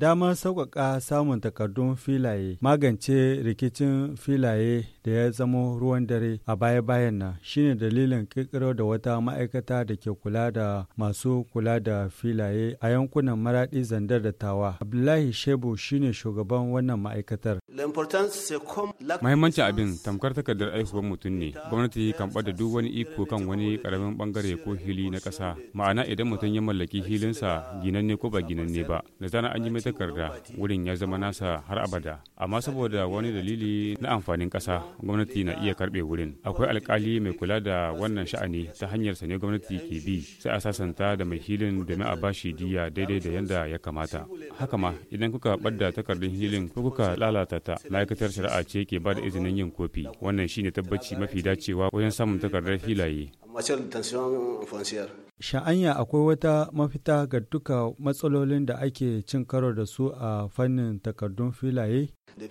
damar sauƙaƙa samun takardun filaye magance rikicin filaye da ya zama ruwan dare a baya-bayan nan shine dalilin ƙirƙiro da wata ma'aikata da ke kula da masu kula da filaye a yankunan maraɗi zandar da tawa abdullahi shebu shine shugaban wannan ma'aikatar mahimmancin abin tamkar takardar aihuwar mutum ne gwamnati kan bada duk wani iko kan wani ƙaramin bangare ko hili na ƙasa ma'ana idan mutum ya mallaki hilinsa ginanne ko ba ginanne ba da zana an yi takarda wurin ya zama nasa har abada amma saboda wani dalili na amfanin ƙasa gwamnati na iya karɓe wurin akwai alkali mai kula da wannan sha'ani ta hanyar sane gwamnati ke bi sai a sasanta da mai hilin domin a bashi diya daidai da yadda ya kamata haka ma idan kuka ɓadda takardun hilin ko kuka lalata ta ma'aikatar shari'a ce ke ba da izinin yin kofi wannan shine tabbaci mafi dacewa wajen samun takardar filaye. Sha'anya akwai wata mafita ga duka matsalolin da ake cin karo da su a fannin takardun filaye? Tun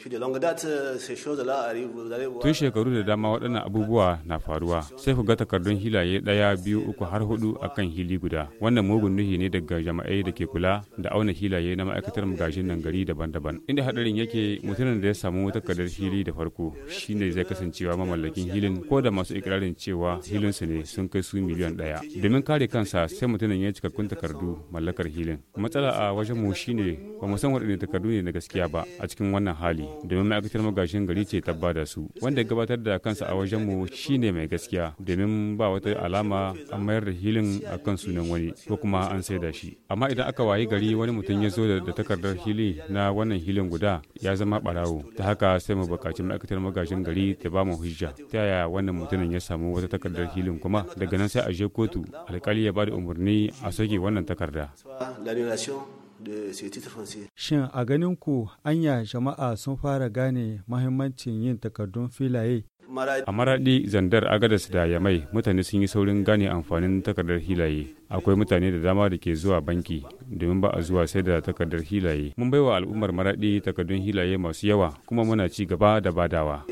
shekaru da dama waɗannan abubuwa na faruwa, sai ku ga takardun hilaye ɗaya biyu uku har hudu a kan hili guda. Wannan mugun nuhi ne daga jama'ai da ke kula da auna hilaye na ma'aikatar magajin nan gari daban-daban. Inda haɗarin yake mutumin da ya samu takardar hili da farko shi ne zai kasancewa mamallakin hilin ko da masu ikirarin cewa hilinsu ne sun kai su miliyan ɗaya. Domin kare kan kansa sai mutumin ya cikakkun takardu mallakar hilin matsala a wajen mu shine ba mu san waɗanne takardu ne na gaskiya ba a cikin wannan hali domin ma'aikatar magashin gari ce ta bada su wanda gabatar da kansa a wajen mu shine mai gaskiya domin ba wata alama an mayar da hilin a kan sunan wani ko kuma an da shi amma idan aka wayi gari wani mutum ya zo da takardar hili na wannan hilin guda ya zama barawo ta haka sai mu buƙaci ma'aikatar magashin gari ta ba mu hujja ta yaya wannan mutumin ya samu wata takardar hilin kuma daga nan sai a je kotu alƙali iya ba da umarni a soke wannan takarda. Shin a ganin ku anya jama'a sun fara gane mahimmancin yin takardun filaye a maraɗi zandar agadas da yamai mutane sun yi saurin gane amfanin takardar hilaye akwai mutane da dama da ke zuwa banki domin ba a zuwa sai da takardar hilaye mun baiwa al'ummar maraɗi takardun hilaye masu yawa kuma muna ci gaba da badawa